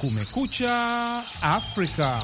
Kumekucha Afrika.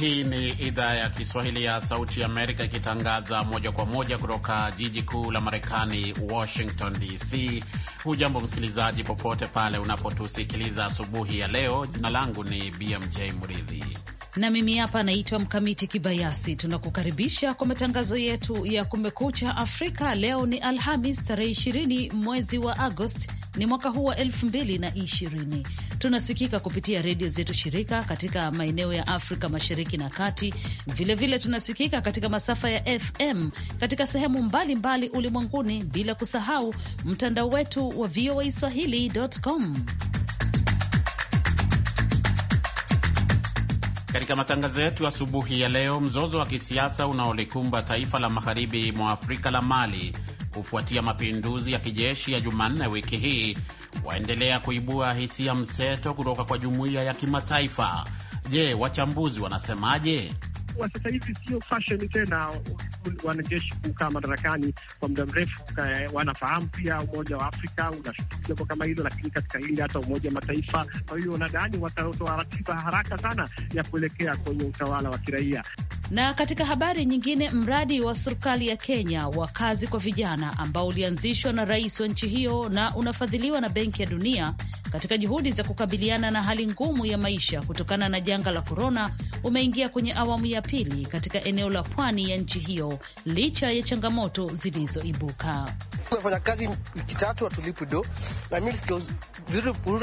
Hii ni idhaa ya Kiswahili ya Sauti ya Amerika ikitangaza moja kwa moja kutoka jiji kuu la Marekani, Washington DC. Hujambo msikilizaji, popote pale unapotusikiliza asubuhi ya leo. Jina langu ni BMJ Mridhi na mimi hapa naitwa Mkamiti Kibayasi. Tunakukaribisha kwa matangazo yetu ya Kumekucha Afrika. Leo ni Alhamis tarehe 20 mwezi wa Agosti ni mwaka huu wa 2020. Tunasikika kupitia redio zetu shirika katika maeneo ya Afrika Mashariki na Kati. Vilevile vile tunasikika katika masafa ya FM katika sehemu mbalimbali ulimwenguni, bila kusahau mtandao wetu wa VOA swahili.com. Katika matangazo yetu asubuhi ya leo, mzozo wa kisiasa unaolikumba taifa la magharibi mwa Afrika la Mali kufuatia mapinduzi ya kijeshi ya Jumanne wiki hii waendelea kuibua hisia mseto kutoka kwa jumuiya ya kimataifa. Je, wachambuzi wanasemaje? kuwa sasa hivi sio fashion tena wanajeshi kukaa madarakani kwa muda mrefu. Eh, wanafahamu pia Umoja wa Afrika unashughulikia jambo kama hilo, lakini katika hili hata Umoja wa Mataifa. Kwa hiyo nadhani watatoa ratiba haraka sana ya kuelekea kwenye utawala wa kiraia. Na katika habari nyingine, mradi wa serikali ya Kenya wa kazi kwa vijana ambao ulianzishwa na rais wa nchi hiyo na unafadhiliwa na Benki ya Dunia katika juhudi za kukabiliana na hali ngumu ya maisha kutokana na janga la korona umeingia kwenye awamu ya pili katika eneo la pwani ya nchi hiyo licha ya changamoto zilizoibuka. Tumefanya kazi wiki tatu atulipwi do na mimi sikia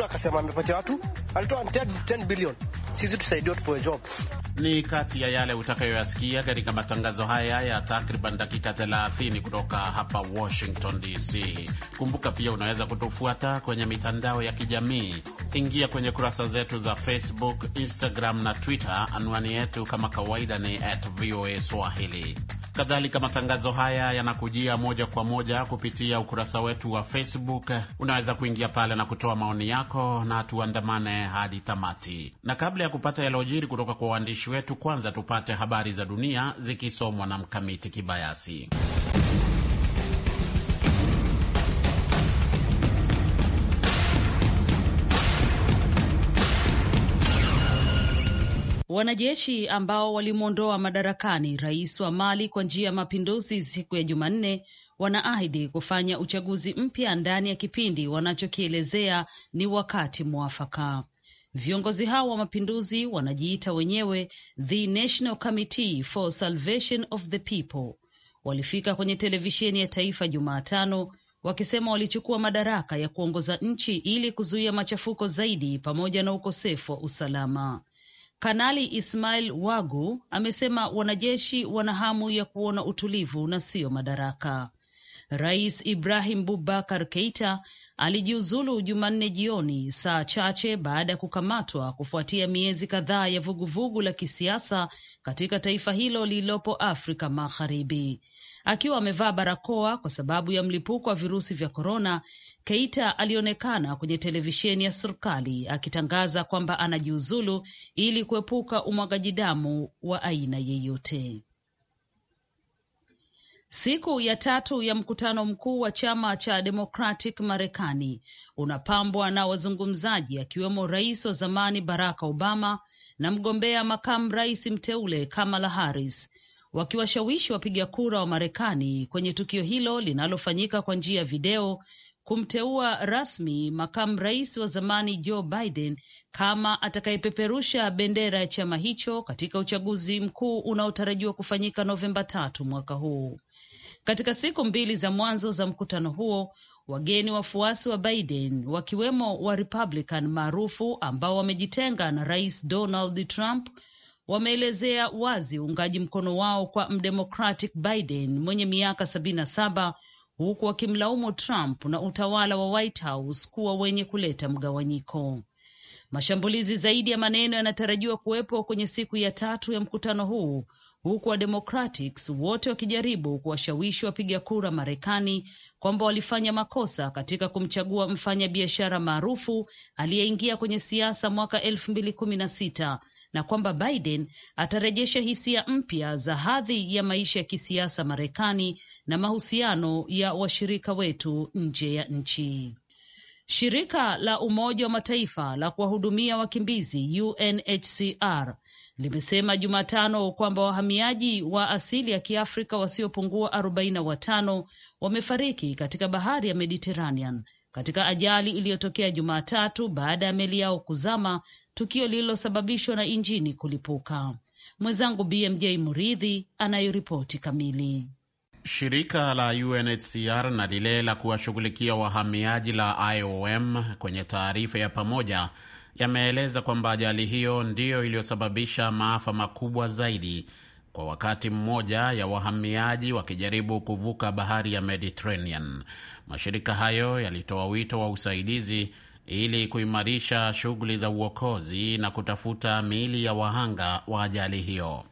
akasema amepatia watu alitoa 10 bilioni sisi tusaidie tupewe jobs. Ni kati ya yale utakayoyasikia katika matangazo haya ya takriban dakika 30 kutoka hapa Washington DC. Kumbuka pia unaweza kutufuata kwenye mitandao ya kijamii. Ingia kwenye kurasa zetu za Facebook, Instagram na Twitter. Anwani yetu kama kawaida ni at VOA Swahili. Kadhalika, matangazo haya yanakujia moja kwa moja kupitia ukurasa wetu wa Facebook. Unaweza kuingia pale na kutoa maoni yako, na tuandamane hadi tamati. Na kabla ya kupata yalojiri kutoka kwa waandishi wetu, kwanza tupate habari za dunia zikisomwa na Mkamiti Kibayasi. Wanajeshi ambao walimwondoa madarakani rais wa Mali kwa njia ya mapinduzi siku ya Jumanne wanaahidi kufanya uchaguzi mpya ndani ya kipindi wanachokielezea ni wakati mwafaka. Viongozi hao wa mapinduzi wanajiita wenyewe The National Committee for Salvation of the People walifika kwenye televisheni ya taifa Jumatano wakisema walichukua madaraka ya kuongoza nchi ili kuzuia machafuko zaidi pamoja na ukosefu wa usalama. Kanali Ismail Wagu amesema wanajeshi wana hamu ya kuona utulivu na siyo madaraka. Rais Ibrahim Bubakar Keita alijiuzulu Jumanne jioni saa chache baada ya kukamatwa kufuatia miezi kadhaa ya vuguvugu la kisiasa katika taifa hilo lililopo Afrika Magharibi. Akiwa amevaa barakoa kwa sababu ya mlipuko wa virusi vya korona, Keita alionekana kwenye televisheni ya serikali akitangaza kwamba anajiuzulu ili kuepuka umwagaji damu wa aina yeyote. Siku ya tatu ya mkutano mkuu wa chama cha Democratic Marekani unapambwa na wazungumzaji akiwemo rais wa zamani Barack Obama na mgombea makamu rais mteule Kamala Harris wakiwashawishi wapiga kura wa Marekani kwenye tukio hilo linalofanyika kwa njia ya video kumteua rasmi makamu rais wa zamani Joe Biden kama atakayepeperusha bendera ya chama hicho katika uchaguzi mkuu unaotarajiwa kufanyika Novemba tatu mwaka huu. Katika siku mbili za mwanzo za mkutano huo, wageni wafuasi wa Biden wakiwemo wa Republican maarufu ambao wamejitenga na rais Donald Trump wameelezea wazi uungaji mkono wao kwa mdemocratic Biden mwenye miaka sabini na saba huku wakimlaumu Trump na utawala wa White House kuwa wenye kuleta mgawanyiko. Mashambulizi zaidi ya maneno yanatarajiwa kuwepo kwenye siku ya tatu ya mkutano huu huku Wademokratics wote wakijaribu kuwashawishi wapiga kura Marekani kwamba walifanya makosa katika kumchagua mfanyabiashara maarufu aliyeingia kwenye siasa mwaka elfu mbili kumi na sita na kwamba Biden atarejesha hisia mpya za hadhi ya maisha ya kisiasa Marekani na mahusiano ya washirika wetu nje ya nchi. Shirika la Umoja wa Mataifa la kuwahudumia wakimbizi UNHCR limesema Jumatano kwamba wahamiaji wa asili ya Kiafrika wasiopungua 45 wamefariki katika bahari ya Mediterranean katika ajali iliyotokea Jumatatu baada ya meli yao kuzama, tukio lililosababishwa na injini kulipuka. Mwenzangu BMJ Muridhi anayoripoti kamili. Shirika la UNHCR na lile la kuwashughulikia wahamiaji la IOM kwenye taarifa ya pamoja yameeleza kwamba ajali hiyo ndiyo iliyosababisha maafa makubwa zaidi kwa wakati mmoja ya wahamiaji wakijaribu kuvuka bahari ya Mediterranean. Mashirika hayo yalitoa wito wa usaidizi ili kuimarisha shughuli za uokozi na kutafuta miili ya wahanga wa ajali hiyo.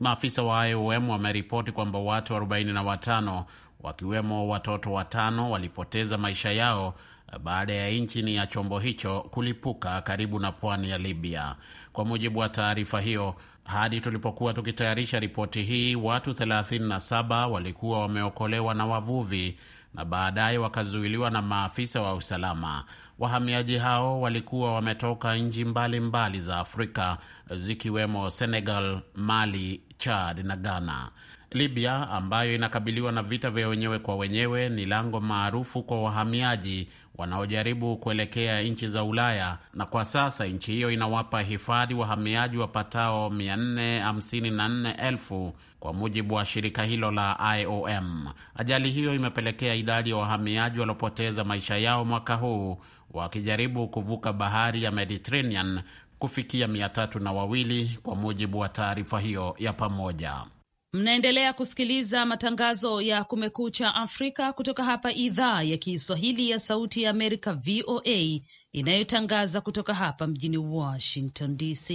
Maafisa wa IOM wameripoti kwamba watu 45 wakiwemo watoto watano walipoteza maisha yao eh, baada ya injini ya chombo hicho kulipuka karibu na pwani ya Libya. Kwa mujibu wa taarifa hiyo, hadi tulipokuwa tukitayarisha ripoti hii, watu 37 walikuwa wameokolewa na wavuvi na baadaye wakazuiliwa na maafisa wa usalama. Wahamiaji hao walikuwa wametoka nchi mbalimbali za Afrika zikiwemo Senegal, Mali, Chad na Ghana. Libya ambayo inakabiliwa na vita vya wenyewe kwa wenyewe ni lango maarufu kwa wahamiaji wanaojaribu kuelekea nchi za Ulaya, na kwa sasa nchi hiyo inawapa hifadhi wahamiaji wapatao 454,000 kwa mujibu wa shirika hilo la IOM. Ajali hiyo imepelekea idadi ya wahamiaji waliopoteza maisha yao mwaka huu wakijaribu kuvuka bahari ya Mediterranean kufikia mia tatu na wawili kwa mujibu wa taarifa hiyo ya pamoja. Mnaendelea kusikiliza matangazo ya Kumekucha Afrika kutoka hapa idhaa ya Kiswahili ya Sauti ya Amerika, VOA, inayotangaza kutoka hapa mjini Washington DC.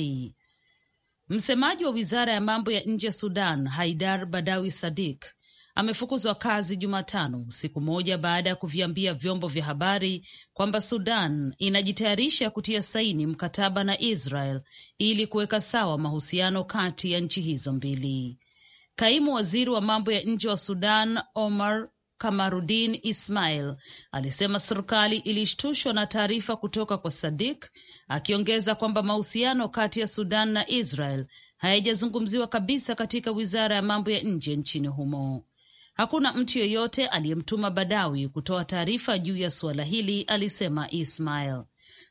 Msemaji wa wizara ya mambo ya nje ya Sudan, Haidar Badawi Sadik, amefukuzwa kazi Jumatano, siku moja baada ya kuviambia vyombo vya habari kwamba Sudan inajitayarisha kutia saini mkataba na Israel ili kuweka sawa mahusiano kati ya nchi hizo mbili. Kaimu waziri wa mambo ya nje wa Sudan Omar Kamarudin Ismail alisema serikali ilishtushwa na taarifa kutoka kwa Sadik, akiongeza kwamba mahusiano kati ya Sudan na Israel hayajazungumziwa kabisa katika wizara ya mambo ya nje nchini humo. Hakuna mtu yeyote aliyemtuma Badawi kutoa taarifa juu ya suala hili, alisema Ismail.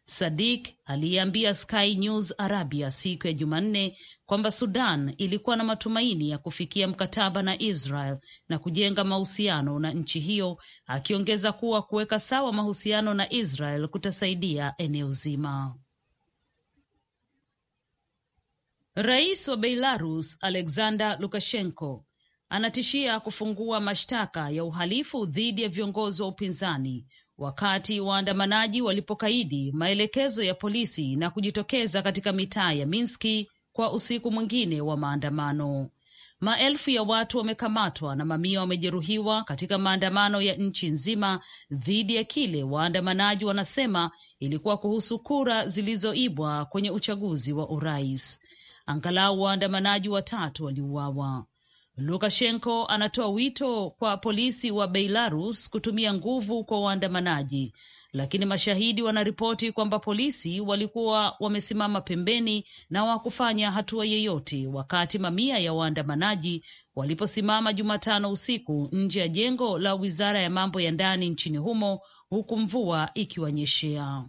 Sadik aliyeambia Sky News Arabia siku ya Jumanne kwamba Sudan ilikuwa na matumaini ya kufikia mkataba na Israel na kujenga mahusiano na nchi hiyo, akiongeza kuwa kuweka sawa mahusiano na Israel kutasaidia eneo zima. Rais wa Belarus Alexander Lukashenko anatishia kufungua mashtaka ya uhalifu dhidi ya viongozi wa upinzani wakati waandamanaji walipokaidi maelekezo ya polisi na kujitokeza katika mitaa ya Minski kwa usiku mwingine wa maandamano. Maelfu ya watu wamekamatwa na mamia wamejeruhiwa katika maandamano ya nchi nzima dhidi ya kile waandamanaji wanasema ilikuwa kuhusu kura zilizoibwa kwenye uchaguzi wa urais. Angalau waandamanaji watatu waliuawa. Lukashenko anatoa wito kwa polisi wa Belarus kutumia nguvu kwa waandamanaji, lakini mashahidi wanaripoti kwamba polisi walikuwa wamesimama pembeni na wakufanya hatua yeyote wakati mamia ya waandamanaji waliposimama Jumatano usiku nje ya jengo la wizara ya mambo ya ndani nchini humo huku mvua ikiwanyeshea.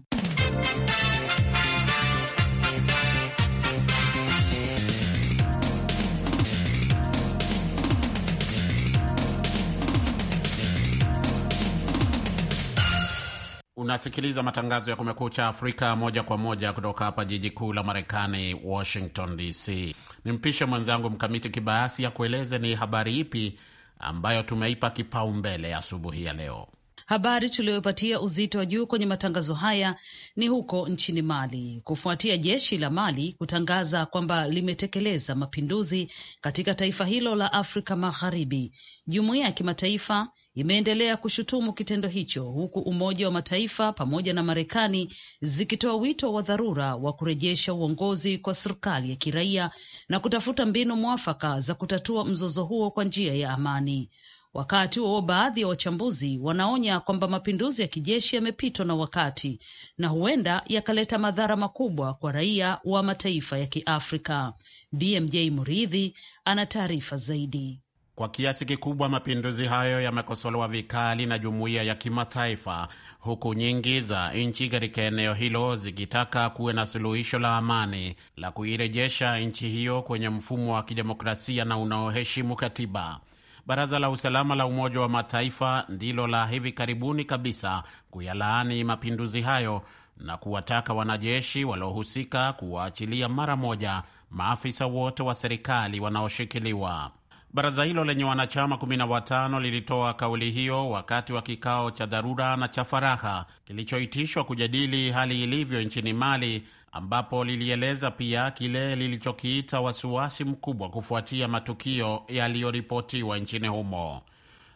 Unasikiliza matangazo ya Kumekucha Afrika moja kwa moja kutoka hapa jiji kuu la Marekani, Washington DC. Nimpishe mwenzangu Mkamiti Kibayasi akueleze ni habari ipi ambayo tumeipa kipaumbele asubuhi ya leo. Habari tuliyopatia uzito wa juu kwenye matangazo haya ni huko nchini Mali, kufuatia jeshi la Mali kutangaza kwamba limetekeleza mapinduzi katika taifa hilo la Afrika Magharibi. Jumuiya ya kimataifa imeendelea kushutumu kitendo hicho huku Umoja wa Mataifa pamoja na Marekani zikitoa wito wa dharura wa kurejesha uongozi kwa serikali ya kiraia na kutafuta mbinu mwafaka za kutatua mzozo huo kwa njia ya amani. Wakati huo baadhi ya wachambuzi wanaonya kwamba mapinduzi ya kijeshi yamepitwa na wakati na huenda yakaleta madhara makubwa kwa raia wa mataifa ya Kiafrika. BMJ Muridhi ana taarifa zaidi. Kwa kiasi kikubwa mapinduzi hayo yamekosolewa vikali na jumuiya ya kimataifa, huku nyingi za nchi katika eneo hilo zikitaka kuwe na suluhisho la amani la kuirejesha nchi hiyo kwenye mfumo wa kidemokrasia na unaoheshimu katiba. Baraza la Usalama la Umoja wa Mataifa ndilo la hivi karibuni kabisa kuyalaani mapinduzi hayo na kuwataka wanajeshi waliohusika kuwaachilia mara moja maafisa wote wa serikali wanaoshikiliwa. Baraza hilo lenye wanachama 15 lilitoa kauli hiyo wakati wa kikao cha dharura na cha faraha kilichoitishwa kujadili hali ilivyo nchini Mali, ambapo lilieleza pia kile lilichokiita wasiwasi mkubwa kufuatia matukio yaliyoripotiwa nchini humo.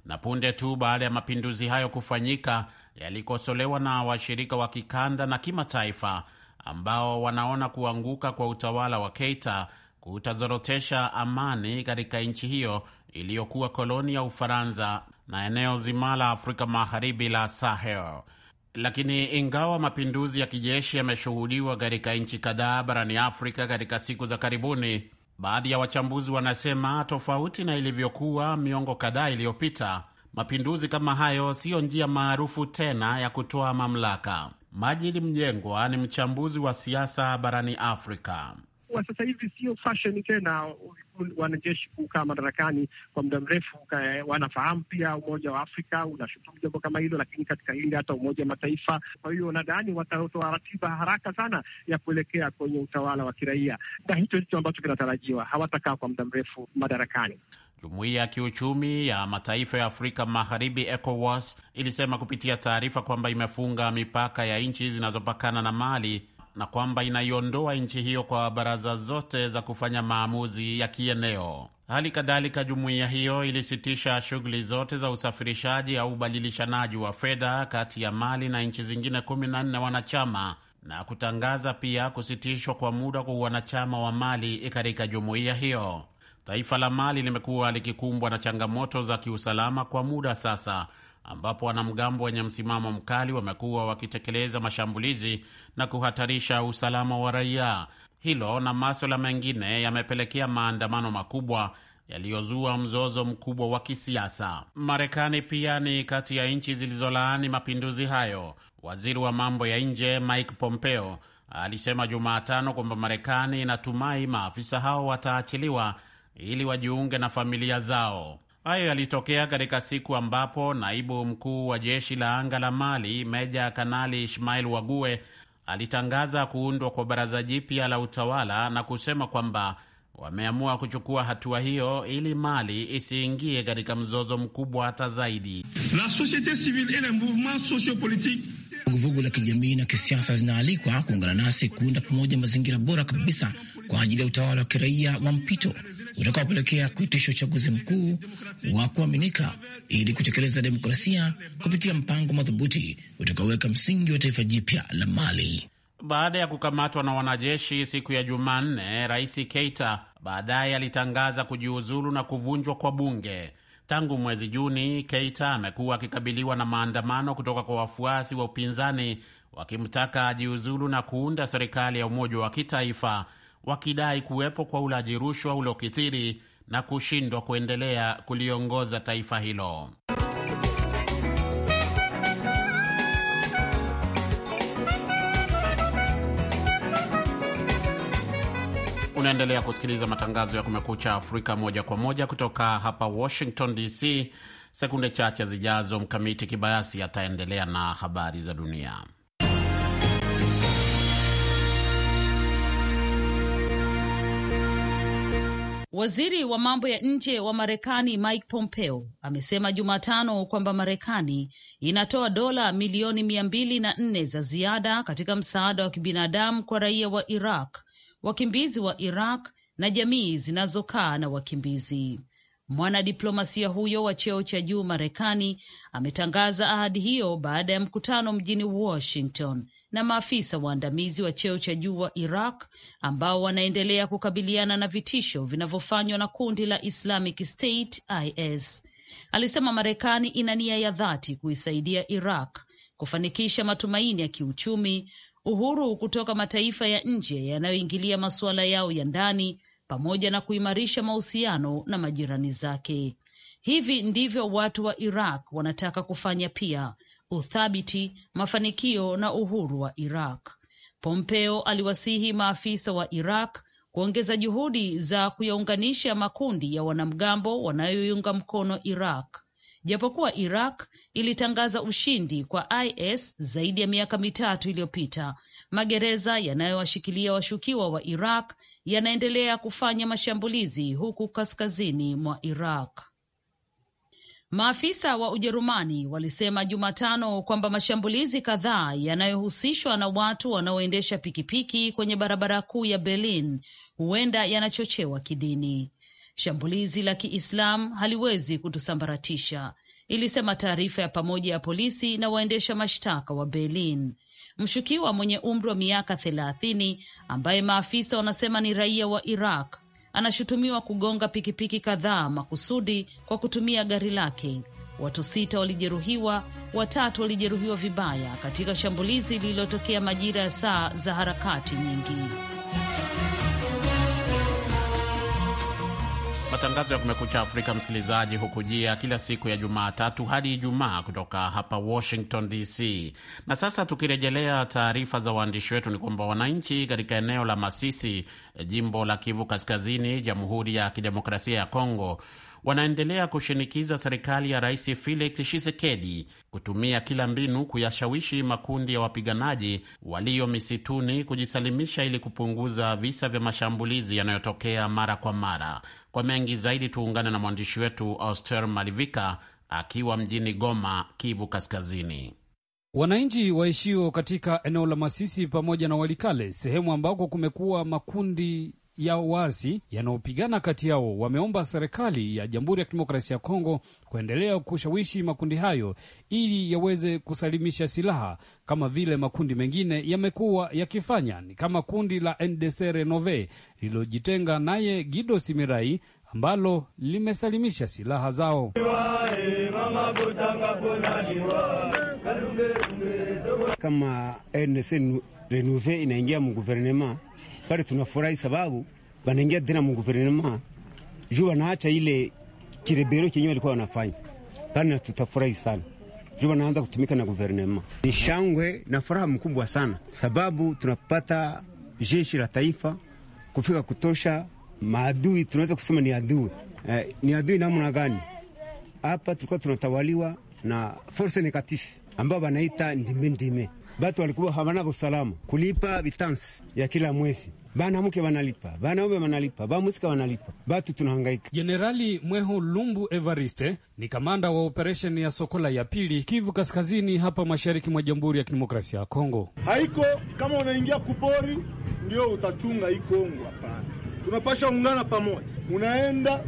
Na punde tu baada ya mapinduzi hayo kufanyika, yalikosolewa na washirika wa kikanda na kimataifa ambao wanaona kuanguka kwa utawala wa Keita kutazorotesha amani katika nchi hiyo iliyokuwa koloni ya Ufaransa na eneo zima la Afrika Magharibi la Sahel. Lakini ingawa mapinduzi ya kijeshi yameshuhudiwa katika nchi kadhaa barani Afrika katika siku za karibuni, baadhi ya wachambuzi wanasema, tofauti na ilivyokuwa miongo kadhaa iliyopita, mapinduzi kama hayo siyo njia maarufu tena ya kutoa mamlaka. Majid Mjengwa ni mchambuzi wa siasa barani Afrika kuwa sasa hivi sio fashion tena wanajeshi kukaa madarakani kwa muda mrefu. Wanafahamu pia Umoja wa Afrika unashutumu jambo kama hilo, lakini katika hili hata Umoja wa Mataifa. Kwa hiyo nadhani watatoa ratiba haraka sana ya kuelekea kwenye utawala wa kiraia, na hicho ndicho ambacho kinatarajiwa. Hawatakaa kwa muda mrefu madarakani. Jumuiya ya Kiuchumi ya Mataifa ya Afrika Magharibi, ECOWAS, ilisema kupitia taarifa kwamba imefunga mipaka ya nchi zinazopakana na Mali na kwamba inaiondoa nchi hiyo kwa baraza zote za kufanya maamuzi ya kieneo. Hali kadhalika, jumuiya hiyo ilisitisha shughuli zote za usafirishaji au ubadilishanaji wa fedha kati ya Mali na nchi zingine 14 wanachama na kutangaza pia kusitishwa kwa muda kwa wanachama wa Mali katika jumuiya hiyo. Taifa la Mali limekuwa likikumbwa na changamoto za kiusalama kwa muda sasa ambapo wanamgambo wenye msimamo mkali wamekuwa wakitekeleza mashambulizi na kuhatarisha usalama wa raia. Hilo na maswala mengine yamepelekea maandamano makubwa yaliyozua mzozo mkubwa wa kisiasa. Marekani pia ni kati ya nchi zilizolaani mapinduzi hayo. Waziri wa mambo ya nje Mike Pompeo alisema Jumatano kwamba Marekani inatumai maafisa hao wataachiliwa ili wajiunge na familia zao. Hayo yalitokea katika siku ambapo naibu mkuu wa jeshi la anga la Mali meja kanali Ismail Wague alitangaza kuundwa kwa baraza jipya la utawala na kusema kwamba wameamua kuchukua hatua hiyo ili Mali isiingie katika mzozo mkubwa hata zaidi. La société civile et les mouvements sociopolitiques vuguvugu la kijamii na kisiasa zinaalikwa kuungana nasi kuunda pamoja mazingira bora kabisa kwa ajili ya utawala wa kiraia wa mpito utakaopelekea kuitisha uchaguzi mkuu wa kuaminika ili kutekeleza demokrasia kupitia mpango madhubuti utakaoweka msingi wa taifa jipya la Mali. Baada ya kukamatwa na wanajeshi siku ya Jumanne, Rais Keita baadaye alitangaza kujiuzulu na kuvunjwa kwa bunge. Tangu mwezi Juni, Keita amekuwa akikabiliwa na maandamano kutoka kwa wafuasi wa upinzani wakimtaka ajiuzulu na kuunda serikali ya umoja wa kitaifa, wakidai kuwepo kwa ulaji rushwa uliokithiri na kushindwa kuendelea kuliongoza taifa hilo. Unaendelea kusikiliza matangazo ya Kumekucha Afrika moja kwa moja kutoka hapa Washington DC. Sekunde chache zijazo, Mkamiti Kibayasi ataendelea na habari za dunia. Waziri wa mambo ya nje wa Marekani Mike Pompeo amesema Jumatano kwamba Marekani inatoa dola milioni mia mbili na nne za ziada katika msaada wa kibinadamu kwa raia wa Iraq wakimbizi wa Iraq na jamii zinazokaa na wakimbizi. Mwanadiplomasia huyo wa cheo cha juu Marekani ametangaza ahadi hiyo baada ya mkutano mjini Washington na maafisa waandamizi wa cheo cha juu wa Iraq ambao wanaendelea kukabiliana na vitisho vinavyofanywa na kundi la Islamic State IS. Alisema Marekani ina nia ya dhati kuisaidia Iraq kufanikisha matumaini ya kiuchumi, uhuru kutoka mataifa ya nje yanayoingilia masuala yao ya ndani pamoja na kuimarisha mahusiano na majirani zake. Hivi ndivyo watu wa Iraq wanataka kufanya pia: uthabiti, mafanikio na uhuru wa Iraq. Pompeo aliwasihi maafisa wa Iraq kuongeza juhudi za kuyaunganisha makundi ya wanamgambo wanayoiunga mkono Iraq japokuwa Iraq ilitangaza ushindi kwa IS zaidi ya miaka mitatu iliyopita. Magereza yanayowashikilia washukiwa wa Iraq yanaendelea kufanya mashambulizi huku kaskazini mwa Iraq. Maafisa wa Ujerumani walisema Jumatano kwamba mashambulizi kadhaa yanayohusishwa na watu wanaoendesha pikipiki kwenye barabara kuu ya Berlin huenda yanachochewa kidini. Shambulizi la Kiislamu haliwezi kutusambaratisha, ilisema taarifa ya pamoja ya polisi na waendesha mashtaka wa Berlin. Mshukiwa mwenye umri wa miaka thelathini ambaye maafisa wanasema ni raia wa Iraq anashutumiwa kugonga pikipiki kadhaa makusudi kwa kutumia gari lake. Watu sita walijeruhiwa, watatu walijeruhiwa vibaya katika shambulizi lililotokea majira ya saa za harakati nyingi. Matangazo ya Kumekucha Afrika, msikilizaji, hukujia kila siku ya Jumatatu hadi Ijumaa kutoka hapa Washington DC. Na sasa tukirejelea taarifa za waandishi wetu, ni kwamba wananchi katika eneo la Masisi, jimbo la Kivu Kaskazini, Jamhuri ya Kidemokrasia ya Kongo wanaendelea kushinikiza serikali ya Rais Felix Tshisekedi kutumia kila mbinu kuyashawishi makundi ya wapiganaji walio misituni kujisalimisha ili kupunguza visa vya mashambulizi yanayotokea mara kwa mara. Kwa mengi zaidi, tuungane na mwandishi wetu Auster Malivika akiwa mjini Goma, Kivu Kaskazini. Wananchi waishio katika eneo la Masisi pamoja na Walikale, sehemu ambako kumekuwa makundi ya waasi yanayopigana kati yao wameomba serikali ya Jamhuri ya Kidemokrasia ya Kongo kuendelea kushawishi makundi hayo ili yaweze kusalimisha silaha kama vile makundi mengine yamekuwa yakifanya. Ni kama kundi la NDC Renove lililojitenga naye Gido Simirai ambalo limesalimisha silaha zao. Kama NDC Renove inaingia mguvernema pale tunafurahi sababu wanaingia tena mguvernema juu wanaacha ile kirebero chenyewe walikuwa wanafanya bana, tutafurahi sana juu wanaanza kutumika na guvernema. Ni shangwe na furaha mkubwa sana sababu tunapata jeshi la taifa kufika kutosha. Maadui tunaweza kusema ni adui eh, ni adui namna gani? Hapa tulikuwa tunatawaliwa na force negative ambao wanaita ndime ndime batu walikuwa hawana busalama kulipa vitansi ya kila mwezi. Banamuke banalipa, banaume banalipa, bamusika wanalipa, batu tunahangaika. Jenerali Mweho Lumbu Evariste ni kamanda wa operesheni ya Sokola ya pili Kivu Kaskazini, hapa mashariki mwa Jamhuri ya Kidemokrasia ya Kongo. Haiko kama unaingia kupori ndio utachunga hii Kongo, hapana. Tunapasha ungana pamoja, unaenda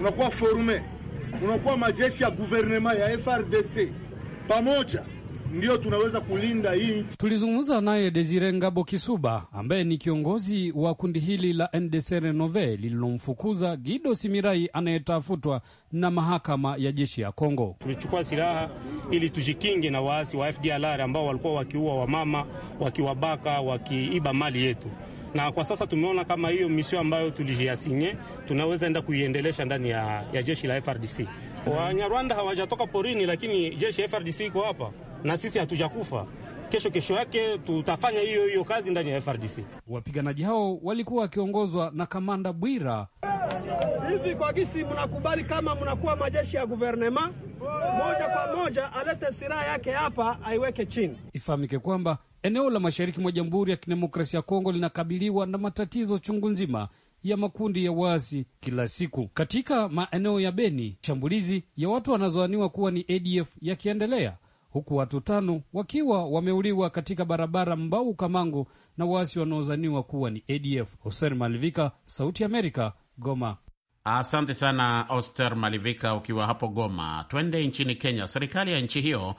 unakuwa forume, unakuwa majeshi ya guvernema ya FRDC pamoja ndio tunaweza kulinda hii nchi. Tulizungumza naye Desire Ngabo Kisuba ambaye ni kiongozi wa kundi hili la NDC Renove lililomfukuza Gido Simirai anayetafutwa na mahakama ya jeshi ya Kongo. Tulichukua silaha ili tujikinge na waasi wa FDLR ambao walikuwa wakiua wamama, wakiwabaka, wakiiba mali yetu na kwa sasa tumeona kama hiyo misio ambayo tulijiasinye tunaweza enda kuiendelesha ndani ya, ya jeshi la FRDC. Wanyarwanda hawajatoka porini, lakini jeshi ya FRDC iko hapa na sisi hatujakufa. Kesho kesho yake tutafanya hiyo hiyo kazi ndani ya FRDC. Wapiganaji hao walikuwa wakiongozwa na kamanda Bwira. Hivi kwa gisi mnakubali kama mnakuwa majeshi ya guvernema moja kwa moja, alete silaha yake hapa aiweke chini. Ifahamike kwamba eneo la mashariki mwa Jamhuri ya Kidemokrasia ya Kongo linakabiliwa na matatizo chungu nzima ya makundi ya waasi kila siku. Katika maeneo ya Beni, shambulizi ya watu wanazoaniwa kuwa ni ADF yakiendelea huku watu tano wakiwa wameuliwa katika barabara Mbau Kamango na waasi wanaozaniwa kuwa ni ADF. Hoser Malivika, Sauti Amerika, Goma. Asante sana Oster Malivika ukiwa hapo Goma. Twende nchini Kenya. Serikali ya nchi hiyo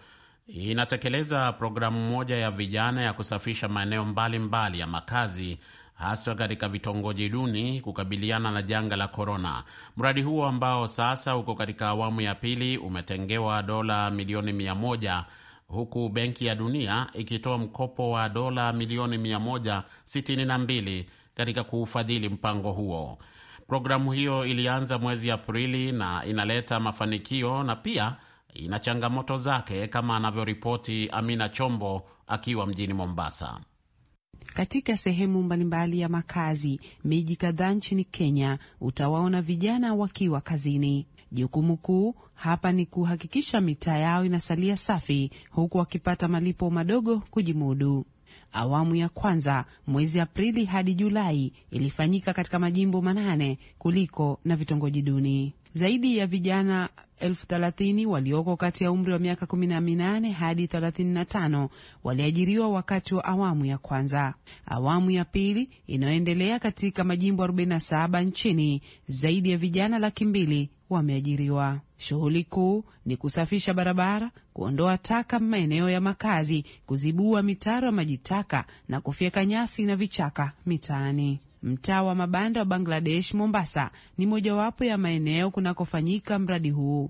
inatekeleza programu moja ya vijana ya kusafisha maeneo mbalimbali mbali ya makazi hasa katika vitongoji duni kukabiliana na janga la korona. Mradi huo ambao sasa uko katika awamu ya pili umetengewa dola milioni mia moja huku Benki ya Dunia ikitoa mkopo wa dola milioni 162 katika kuufadhili mpango huo. Programu hiyo ilianza mwezi Aprili na inaleta mafanikio na pia ina changamoto zake, kama anavyoripoti Amina Chombo akiwa mjini Mombasa. Katika sehemu mbalimbali ya makazi miji kadhaa nchini Kenya utawaona vijana wakiwa kazini. Jukumu kuu hapa ni kuhakikisha mitaa yao inasalia safi, huku wakipata malipo madogo kujimudu. Awamu ya kwanza mwezi Aprili hadi Julai ilifanyika katika majimbo manane kuliko na vitongoji duni. Zaidi ya vijana elfu thelathini walioko kati ya umri wa miaka kumi na minane hadi thelathini na tano waliajiriwa wakati wa awamu ya kwanza. Awamu ya pili inayoendelea katika majimbo 47 nchini, zaidi ya vijana laki mbili wameajiriwa. Shughuli kuu ni kusafisha barabara, kuondoa taka maeneo ya makazi, kuzibua mitaro ya maji taka na kufyeka nyasi na vichaka mitaani. Mtaa wa mabanda wa Bangladesh, Mombasa, ni mojawapo ya maeneo kunakofanyika mradi huu.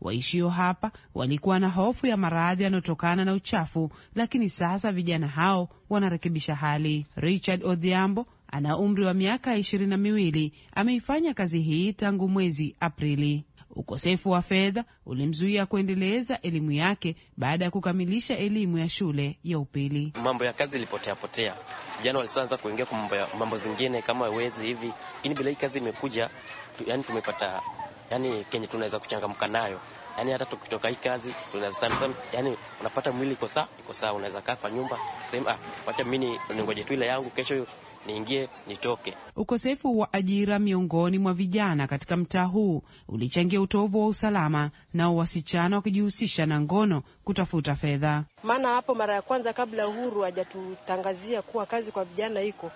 Waishio hapa walikuwa na hofu ya maradhi yanayotokana na uchafu, lakini sasa vijana hao wanarekebisha hali. Richard Odhiambo ana umri wa miaka ishirini na miwili ameifanya kazi hii tangu mwezi Aprili. Ukosefu wa fedha ulimzuia kuendeleza elimu yake baada ya kukamilisha elimu ya shule ya upili. Mambo ya kazi ilipoteapotea, vijana walianza kuingia kwa mambo mambo zingine kama wezi hivi, lakini bila hii kazi imekuja tu, yani tumepata yani kenye tunaweza kuchangamka nayo yani hata tukitoka hii kazi tunazitamiza, yani unapata mwili iko sawa, iko sawa, unaweza kaa kwa nyumba sema, ah, wacha mimi ningoje tu ile yangu, kesho niingie nitoke. Ukosefu wa ajira miongoni mwa vijana katika mtaa huu ulichangia utovu wa usalama, nao wasichana wakijihusisha na ngono kutafuta fedha. Maana hapo mara ya kwanza kabla Uhuru hajatutangazia kuwa kazi kwa vijana iko,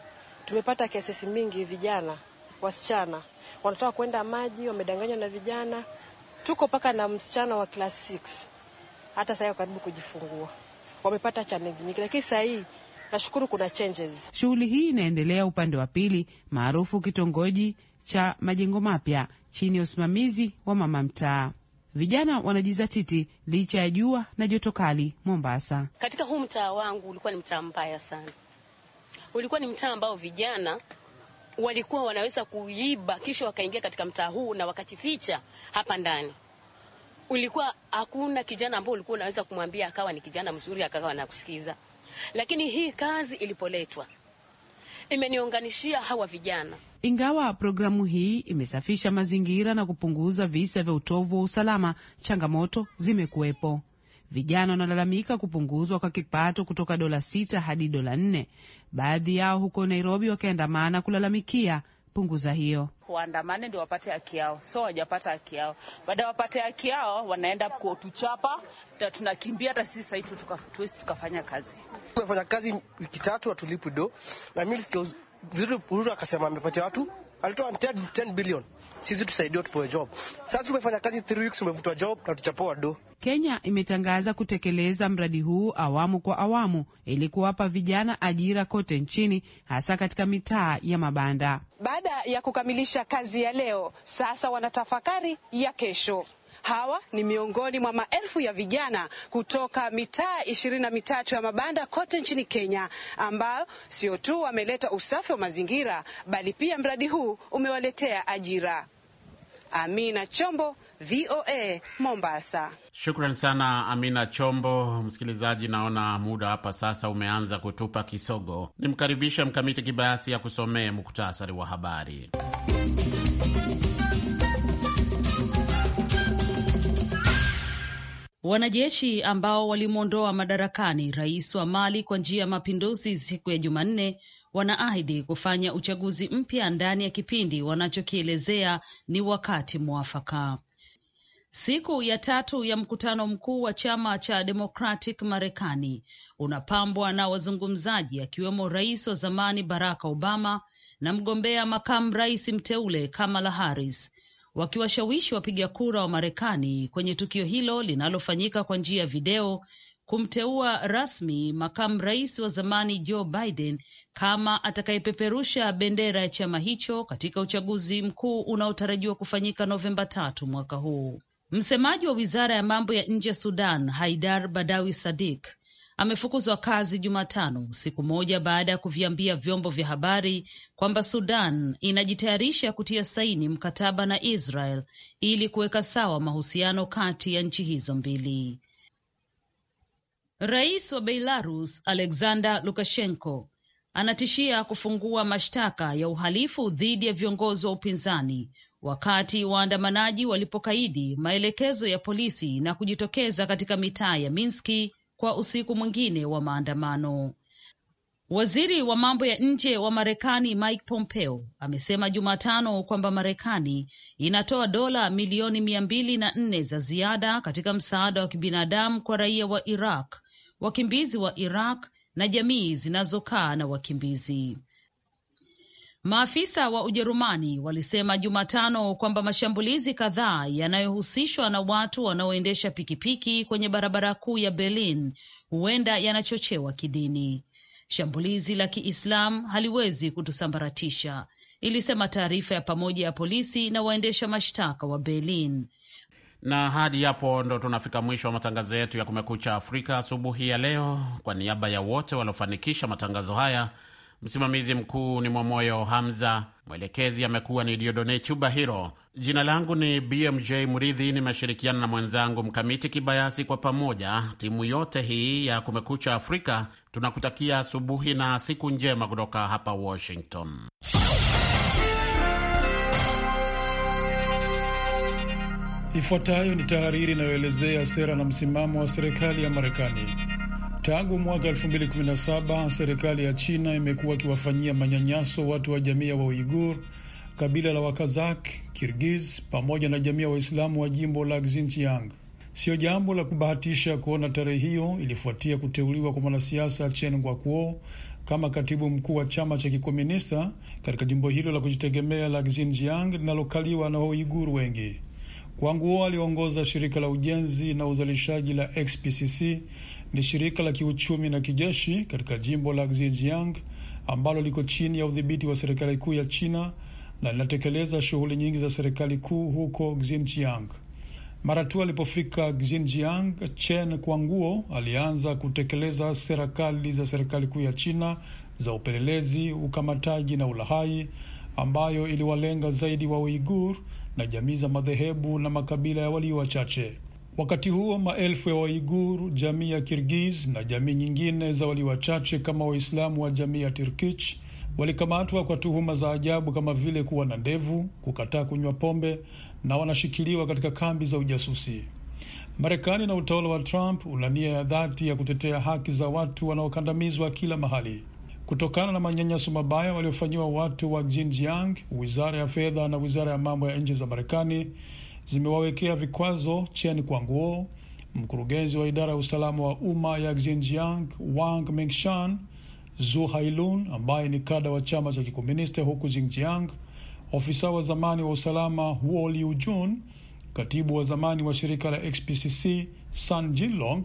tumepata kesesi mingi, vijana wasichana wanatoka kwenda maji, wamedanganywa na vijana. Tuko mpaka na msichana wa class 6 hata sahii karibu kujifungua, wamepata challenge nyingi, lakini sahii nashukuru kuna changes. Shughuli hii inaendelea upande wa pili maarufu kitongoji cha majengo mapya chini ya usimamizi wa mama mtaa. Vijana wanajizatiti licha ya jua na joto kali Mombasa. Katika huu mtaa wangu ulikuwa ni mtaa mbaya sana, ulikuwa ni mtaa ambao vijana walikuwa wanaweza kuiba kisha wakaingia katika mtaa huu na wakajificha hapa ndani. Ulikuwa hakuna kijana ambao ulikuwa unaweza kumwambia akawa ni kijana mzuri akawa anakusikiza lakini hii kazi ilipoletwa imeniunganishia hawa vijana. Ingawa programu hii imesafisha mazingira na kupunguza visa vya utovu wa usalama, changamoto zimekuwepo. Vijana wanalalamika kupunguzwa kwa kipato kutoka dola sita hadi dola nne. Baadhi yao huko Nairobi wakiandamana kulalamikia punguza hiyo. Waandamane ndio wapate haki yao, so wajapata haki yao. Baada ya wapate haki yao, wanaenda kutuchapa, tunakimbia. Hata sisi sahii tuwezi tukafanya kazi, tunafanya kazi wiki tatu hatulipi do. Na mimi sikia Uhuru akasema amepatia watu alitoa 10 billion sisi tusaidiwe tupewe job. Sasa tumefanya kazi 3 weeks, umevutwa job na tuchapoa do Kenya imetangaza kutekeleza mradi huu awamu kwa awamu ili kuwapa vijana ajira kote nchini, hasa katika mitaa ya mabanda. Baada ya kukamilisha kazi ya leo, sasa wanatafakari ya kesho. Hawa ni miongoni mwa maelfu ya vijana kutoka mitaa ishirini na mitatu ya mabanda kote nchini Kenya, ambao sio tu wameleta usafi wa mazingira, bali pia mradi huu umewaletea ajira. Amina Chombo, VOA Mombasa. Shukran sana Amina Chombo. Msikilizaji, naona muda hapa sasa umeanza kutupa kisogo. Nimkaribishe Mkamiti Kibayasi ya kusomee muktasari wa habari. Wanajeshi ambao walimwondoa madarakani rais wa Mali kwa njia ya mapinduzi siku ya Jumanne wanaahidi kufanya uchaguzi mpya ndani ya kipindi wanachokielezea ni wakati mwafaka. Siku ya tatu ya mkutano mkuu wa chama cha Democratic Marekani unapambwa na wazungumzaji akiwemo rais wa zamani Barack Obama na mgombea makamu rais mteule Kamala Harris wakiwashawishi wapiga kura wa Marekani kwenye tukio hilo linalofanyika kwa njia ya video kumteua rasmi makamu rais wa zamani Joe Biden kama atakayepeperusha bendera ya chama hicho katika uchaguzi mkuu unaotarajiwa kufanyika Novemba tatu mwaka huu. Msemaji wa wizara ya mambo ya nje ya Sudan, Haidar Badawi Sadik, amefukuzwa kazi Jumatano, siku moja baada ya kuviambia vyombo vya habari kwamba Sudan inajitayarisha kutia saini mkataba na Israel ili kuweka sawa mahusiano kati ya nchi hizo mbili. Rais wa Belarus Alexander Lukashenko anatishia kufungua mashtaka ya uhalifu dhidi ya viongozi wa upinzani wakati waandamanaji walipokaidi maelekezo ya polisi na kujitokeza katika mitaa ya Minski kwa usiku mwingine wa maandamano. Waziri wa mambo ya nje wa Marekani Mike Pompeo amesema Jumatano kwamba Marekani inatoa dola milioni mia mbili na nne za ziada katika msaada wa kibinadamu kwa raia wa Iraq, wakimbizi wa Iraq na jamii zinazokaa na wakimbizi. Maafisa wa Ujerumani walisema Jumatano kwamba mashambulizi kadhaa yanayohusishwa na watu wanaoendesha pikipiki kwenye barabara kuu ya Berlin huenda yanachochewa kidini. Shambulizi la Kiislamu haliwezi kutusambaratisha, ilisema taarifa ya pamoja ya polisi na waendesha mashtaka wa Berlin. Na hadi hapo ndo tunafika mwisho wa matangazo yetu ya Kumekucha Afrika asubuhi ya leo. Kwa niaba ya wote waliofanikisha matangazo haya Msimamizi mkuu ni Mwamoyo Hamza, mwelekezi amekuwa ni Diodone Chuba Hiro. Jina langu ni BMJ Muridhi, nimeshirikiana na mwenzangu Mkamiti Kibayasi. Kwa pamoja timu yote hii ya Kumekucha Afrika tunakutakia asubuhi na siku njema kutoka hapa Washington. Ifuatayo ni tahariri inayoelezea sera na msimamo wa serikali ya Marekani. Tangu mwaka 2017 serikali ya China imekuwa ikiwafanyia manyanyaso watu wa jamii ya Wauigur, kabila la Wakazak, Kirgiz pamoja na jamii ya Waislamu wa jimbo la Xinjiang. Sio jambo la kubahatisha kuona tarehe hiyo ilifuatia kuteuliwa kwa mwanasiasa Chen Guokuo kama katibu mkuu wa chama cha kikomunista katika jimbo hilo la kujitegemea la Xinjiang linalokaliwa na Wauiguru wengi. Kwanguo aliongoza shirika la ujenzi na uzalishaji la XPCC ni shirika la kiuchumi na kijeshi katika jimbo la Xinjiang ambalo liko chini ya udhibiti wa serikali kuu ya China na linatekeleza shughuli nyingi za serikali kuu huko Xinjiang. Mara tu alipofika Xinjiang, Chen Kuanguo alianza kutekeleza serikali za serikali kuu ya China za upelelezi, ukamataji na ulahai ambayo iliwalenga zaidi wa Uigur na jamii za madhehebu na makabila ya walio wachache. Wakati huo maelfu ya Waiguru, jamii ya Kirgiz na jamii nyingine za walio wachache kama Waislamu wa jamii ya Tirkich walikamatwa kwa tuhuma za ajabu kama vile kuwa na ndevu, kukataa kunywa pombe na wanashikiliwa katika kambi za ujasusi. Marekani na utawala wa Trump una nia ya dhati ya kutetea haki za watu wanaokandamizwa kila mahali. Kutokana na manyanyaso mabaya waliofanyiwa watu wa Xinjiang, wizara ya fedha na wizara ya mambo ya nje za Marekani zimewawekea vikwazo Chen Kwanguo, mkurugenzi wa idara ya usalama wa umma ya Xinjiang Wang mingshan Zu Hailun ambaye ni kada wa chama cha kikomunisti huku Xinjiang, ofisa wa zamani wa usalama Huo Liujun, katibu wa zamani wa shirika la XPCC San Jinlong,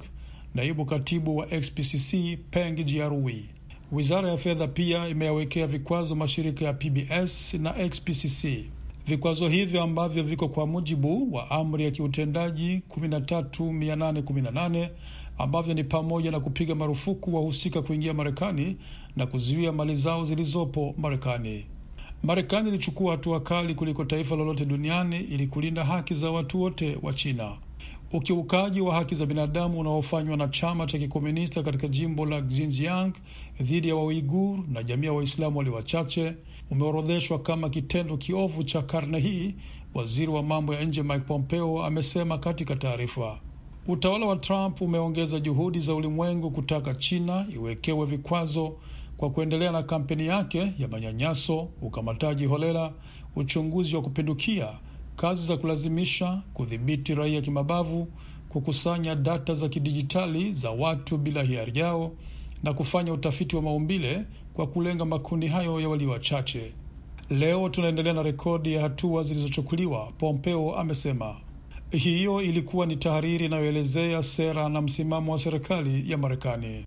naibu katibu wa XPCC Peng Jiarui. Wizara ya fedha pia imeyawekea vikwazo mashirika ya PBS na XPCC. Vikwazo hivyo ambavyo viko kwa mujibu wa amri ya kiutendaji 13818 ambavyo ni pamoja na kupiga marufuku wahusika kuingia Marekani na kuzuia mali zao zilizopo Marekani. Marekani ilichukua hatua kali kuliko taifa lolote duniani ili kulinda haki za watu wote wa China. Ukiukaji wa haki za binadamu unaofanywa na chama cha kikomunista katika jimbo la Xinjiang dhidi ya Wauigur na jamii ya Waislamu walio wachache umeorodheshwa kama kitendo kiovu cha karne hii, waziri wa mambo ya nje Mike Pompeo amesema katika taarifa. Utawala wa Trump umeongeza juhudi za ulimwengu kutaka China iwekewe vikwazo kwa kuendelea na kampeni yake ya manyanyaso, ukamataji holela, uchunguzi wa kupindukia, kazi za kulazimisha, kudhibiti raia kimabavu, kukusanya data za kidijitali za watu bila hiari yao na kufanya utafiti wa maumbile kwa kulenga makundi hayo ya walio wachache. Leo tunaendelea na rekodi ya hatua zilizochukuliwa, Pompeo amesema. Hiyo ilikuwa ni tahariri inayoelezea sera na msimamo wa serikali ya Marekani.